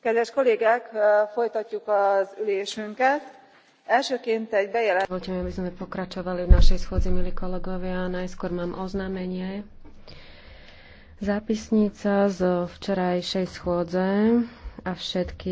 kedves kollégák folytatjuk az ülésünket elsőként egy bejelentés. dovoľte mi aby sme pokračovali v našej schôdzi milí kolegovia najskôr mám oznámenie zápisnica z včerajšej schôdze a všetky